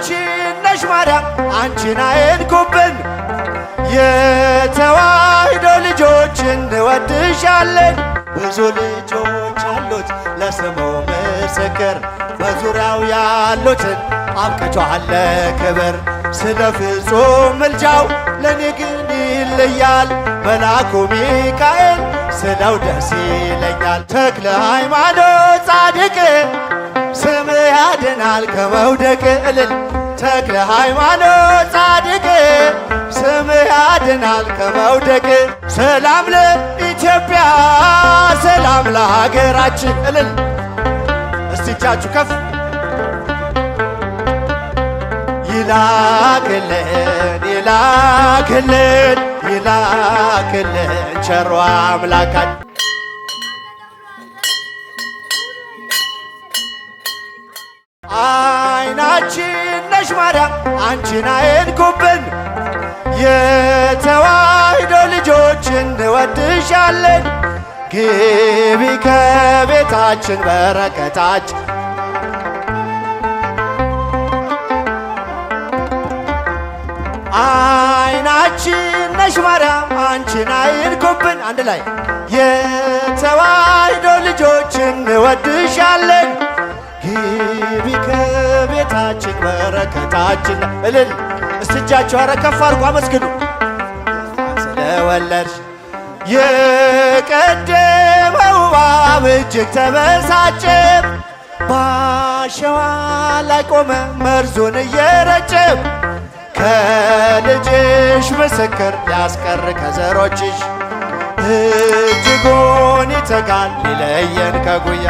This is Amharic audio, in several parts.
አንቺ ነሽ ማርያም አንቺን አይንኩብን የተዋሕዶ ልጆች እንወድሻለን። ብዙ ልጆች አሉት ለስሙ ምስክር በዙሪያው ያሉትን አብቅቷለ ክብር ስለ ፍጹም ምልጃው ለኔ ግን ይለያል መልአኩ ሚካኤል ስለው ደስ ይለኛል። ተክለ ሃይማኖት ጻድቅ ስም ያድናል ከመውደቅ እልል ተክለ ሃይማኖት ጻድቅ ስም ያድናል ከመውደቅ። ሰላም ለኢትዮጵያ ሰላም ለሀገራችን እልል እስቲ እጃችሁ ከፍ ይላክልን ይላክልን ይላክልን ቸሮ አምላካችን አይናችን ነሽ ማርያም አንቺን አይንኩብን የተዋህዶ ልጆች እንወድሻለን። ግቢ ከቤታችን በረከታችን አይናችን ነሽ ማርያም አንቺን አይንኩብን አንድ ላይ የተዋህዶ ልጆች እንወድሻለን ግቢ ከቤታችን በረከታችን እልል እስትጃችሁ አረ ከፍ አድርጎ አመስግኑ ስለወለድሽ የቀደመው እባብ እጅግ ተበሳጨ ባሸዋ ላይ ቆመ መርዙን እየረጨ ከልጅሽ ምስክር ሊያስቀር ከዘሮችሽ እጅጉን ይተጋል ሊለየን ከጉያ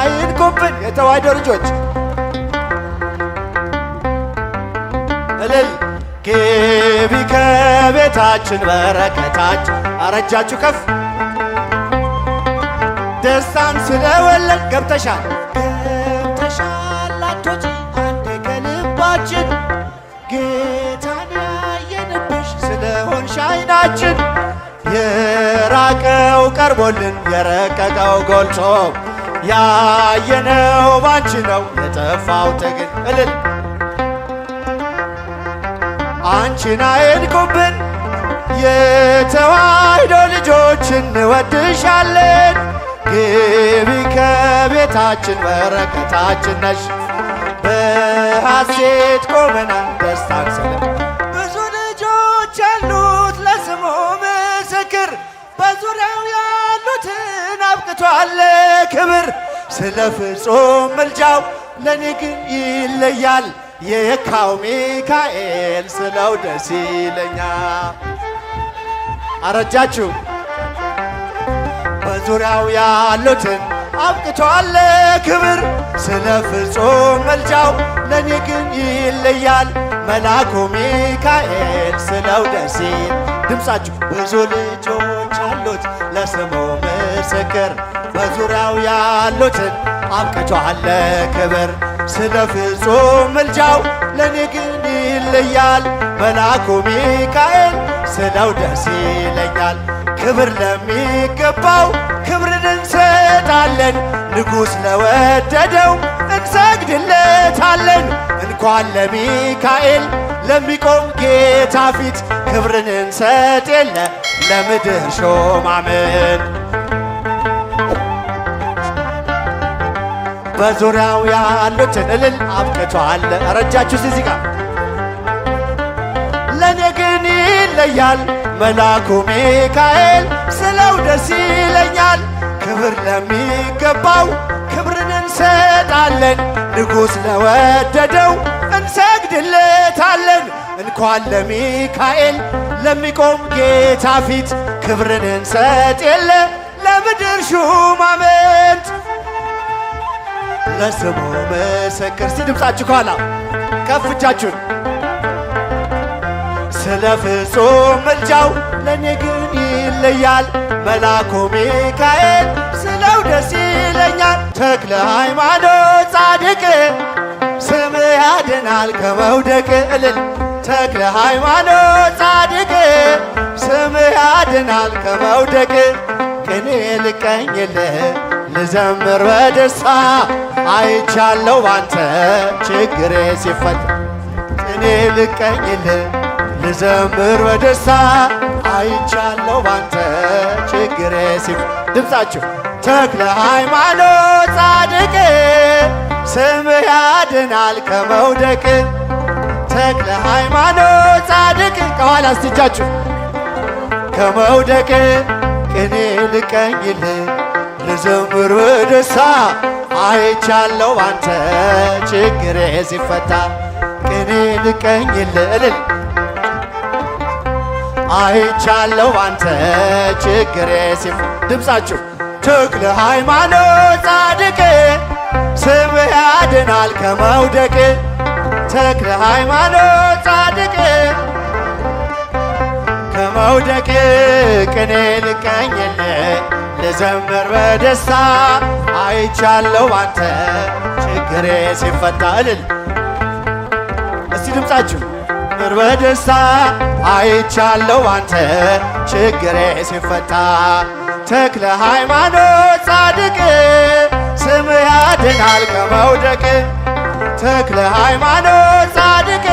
አይንኩብን የተዋህዶ ልጆች እልል ግቢ ከቤታችን በረከታችን አረጃችሁ ከፍ ደስታን ስለወለድ ገብተሻል ገብተሻል አንቶች አንድ ከልባችን ጌታን ያየንብሽ ስለሆንሽ አይናችን የራቀው ቀርቦልን የረቀቀው ጎልቶ ያየነው ባንቺ ነው የጠፋው ትግል እልል አንቺን አይንኩብን የተዋህዶ ልጆች እንወድሻለን። ግቢ ከቤታችን በረከታችን ነሽ። በሐሴት ቆመናል ደስታን ስለም አብቅቷል ክብር ስለ ፍጹም ምልጃው ለኔ ግን ይለያል የየካው ሚካኤል ስለው ደስ ይለኛ አረጃችሁ በዙሪያው ያሉትን አብቅቷል ክብር ስለ ፍጹም ምልጃው ለኔ ግን ይለያል መልአኩ ሚካኤል ስለው ደስ ድምፃችሁ ብዙ ልጆች አሉት ለስሙ ምስክር በዙሪያው ያሉትን አብቅቷለ ክብር ስለ ፍጹም ምልጃው ለኔ ግን ይለያል መልአኩ ሚካኤል ስለው ደስ ይለኛል። ክብር ለሚገባው ክብርን እንሰጣለን፣ ንጉሥ ለወደደው እንሰግድለታለን። እንኳን ለሚካኤል ለሚቆም ጌታ ፊት ክብርን እንሰጥ የለ ለምድር ሾማምን በዙሪያው ያሉትን እልል አብቅቷል። ረጃችሁ እዚህ ጋር ለእኔ ግን ይለያል መልአኩ ሚካኤል ስለው ደስ ይለኛል። ክብር ለሚገባው ክብርን እንሰጣለን። ንጉሥ ለወደደው እንሰግድለታለን። እንኳን ለሚካኤል ለሚቆም ጌታ ፊት ክብርን እንሰጥ የለ ለምድር ሹማምንት ለስሙ ምስክር ስ ድምፃችሁ ከኋላ ከፍ እጃችሁን ስለ ፍጹም ምልጃው ለእኔ ግን ይለያል መላኩ ሚካኤል ስለው ደስ ይለኛል። ተክለ ሃይማኖት ጻድቅ ስም ያድናል ከመውደቅ እልል ተክለ ሃይማኖት ጻድቅ ስም ያድናል ከመውደቅ ቅኔ ልቀኝልህ ልዘምር በደስታ አይቻለው ባንተ ችግሬ ሲፈት እኔ ልቀኝል ልዘምር በደስታ አይቻለው ባንተ ችግሬ ሲፈታ ድምፃችሁ ተክለ ሃይማኖት ጻድቅ ስም ያድናል ከመውደቅ ተክለ ሃይማኖት ጻድቅ ከኋላ አስትጃችሁ ከመውደቅ ቅኔ ልቀኝል ልዘምር በደስታ አይቻለው ባንተ ችግሬ ሲፈታ ቅኔ ልቀኝ ልልል አይቻለው ባንተ ችግሬ ሲፈ ድምፃችሁ ተክለ ሃይማኖት ጻድቅ ስምህ ያድናል ከመውደቅ ተክለ ሃይማኖት ጻድቅ ከመውደቅ ቅኔ ልቀኝልህ ልዘምር በደስታ አይቻለሁ አንተ ችግሬ ሲፈታ እልል እስቲ ድምጻችሁ ምር በደስታ አይቻለሁ አንተ ችግሬ ሲፈታ ተክለ ሃይማኖት ጻድቅ ስም ያድናል ከመውደቅ ተክለ ሃይማኖት ጻድቅ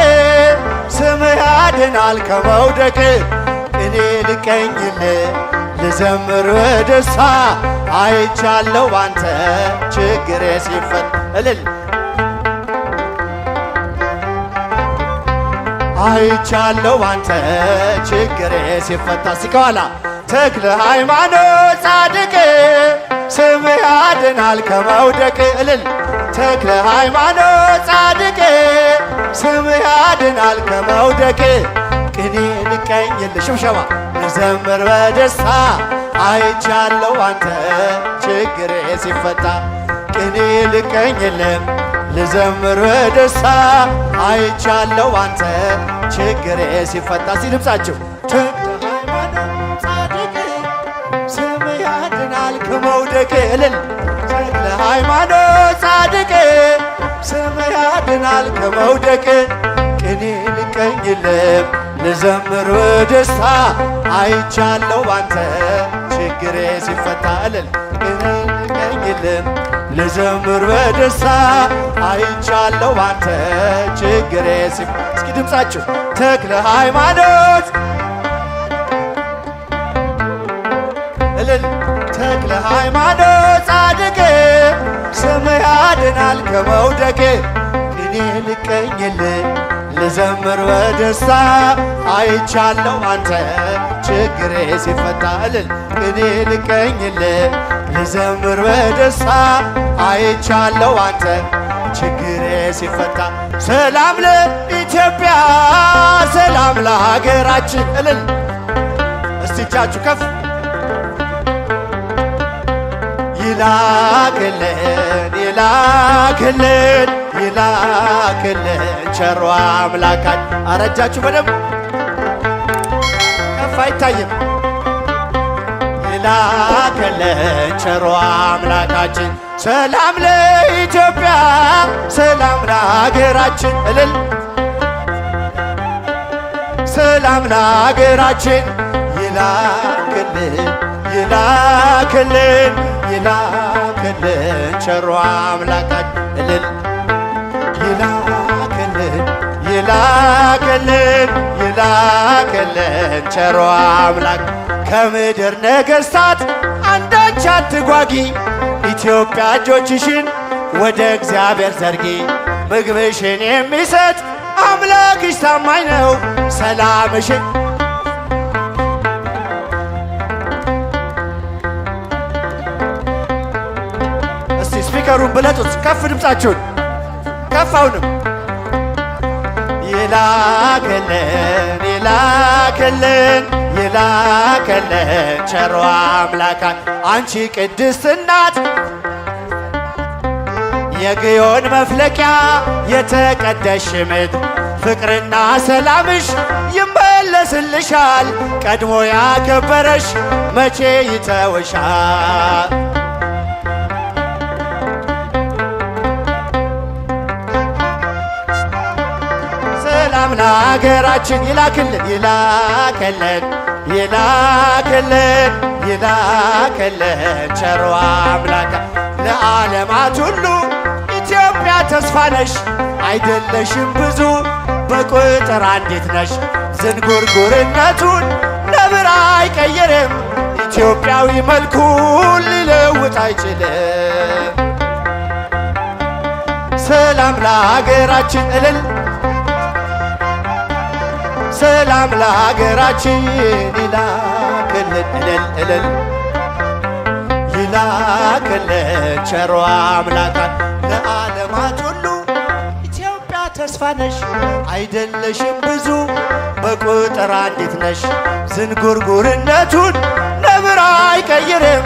ስም ያድናል ከመውደቅ እኔ ልቀኝልህ ልዘምር ደስታ አይቻለው ባንተ ችግሬ ሲፈት እልል አይቻለው ባንተ ችግሬ ሲፈታ ሲከኋላ ተክለ ሃይማኖት ጻድቅ ስም ያድናል ከመውደቅ እልል ተክለ ሃይማኖት ጻድቅ ስም ያድናል ከመውደቅ ቅኔ ልቀይል ሽብሸባ ልዘምር በደስታ አይቻለው አንተ ችግሬ ሲፈታ ቅኔ ልቀኝልም ልዘምር በደስታ አይቻለው አንተ ችግሬ ሲፈታ ሲ ድምፃችሁ ከመውደቅ እልል ተክለ ሃይማኖት ጻድቅ ስም ያድናል ከመውደቅ ቅኔ ልቀኝልም ልዘምር በደስታ አይቻለው ባንተ ችግሬ ሲፈታልል እልል ቀኝልን ልዘምር በደስታ አይቻለው ባንተ ችግሬ ሲፈ እስኪ ድምፃችሁ ተክለ ሃይማኖት እልል ተክለ ሃይማኖት ጻድቅ ስም ያድናል ከመውደቅ እኔ ልቀኝልን ልዘምር በደስታ አይቻለው አንተ ችግሬ ሲፈታ እኔ ልቀኝል ልዘምር በደስታ አይቻለው አንተ ችግሬ ሲፈታ ሰላም ለኢትዮጵያ ሰላም ለሀገራችን እልል እስቲ እጃችሁ ከፍ ይላክልን ይላክልን ይላክልን ቸሯ አምላካች። አረጃችሁ በደንብ ከፍ አይታይም። ይላክልን ቸሯ አምላካችን። ሰላም ለኢትዮጵያ፣ ሰላም ለሀገራችን እልል ሰላም ለሀገራችን ይላክልን ይላክልን ይላክልን ቸሯ አምላካችን እልል የላከልን የላከልን ቸሮ አምላክ ከምድር ነገሥታት አንዳች አትጓጊ፣ ኢትዮጵያ እጆችሽን ወደ እግዚአብሔር ዘርጊ። ምግብሽን የሚሰጥ አምላክሽ ታማኝ ነው። ሰላምሽን ስፒከሩን ብለጡት፣ ከፍ ድምፃችሁን ከፍ አሁንም ይላክልን ይላክልን ይላክልን ቸሮ አምላካ አንቺ ቅድስት እናት የግዮን መፍለቂያ የተቀደሽ ምት ፍቅርና ሰላምሽ ይመለስልሻል። ቀድሞ ያከበረሽ መቼ ይተውሻል? ለሀገራችን ይላክልን ይላክልን ይላክልን ይላክልን ቸሮ አምላክ ለዓለማት ሁሉ ኢትዮጵያ ተስፋ ነሽ አይደለሽም ብዙ በቁጥር አንዲት ነሽ ዝንጉርጉርነቱን ለብራ አይቀይርም ኢትዮጵያዊ መልኩን ሊለውጥ አይችልም። ሰላም ለሀገራችን እልል ሰላም ለሀገራችን ይላክልን እልል እልል ይላክልን ቸሮ አምላካን ለዓለማት ሁሉ ኢትዮጵያ ተስፋ ነሽ አይደለሽም ብዙ በቁጥር አንዲት ነሽ ዝንጉርጉርነቱን ነብር አይቀይርም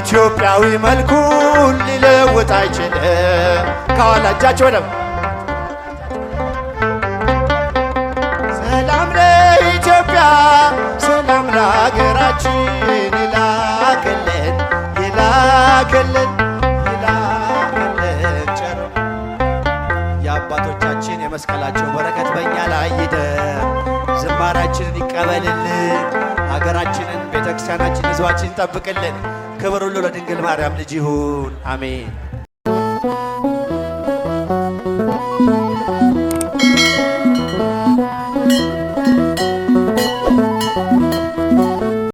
ኢትዮጵያዊ መልኩን ሊለውጥ አይችልም ከኋላ እጃቸው ለሀገራችን ይላክልን ይላክልን ይላክልን ጨር የአባቶቻችን የመስቀላቸው በረከት በእኛ ላይ ይደር። ዝማራችንን ይቀበልልን። ሀገራችንን፣ ቤተክርስቲያናችን፣ ህዝባችን ይጠብቅልን። ክብር ሁሉ ለድንግል ማርያም ልጅ ይሁን። አሜን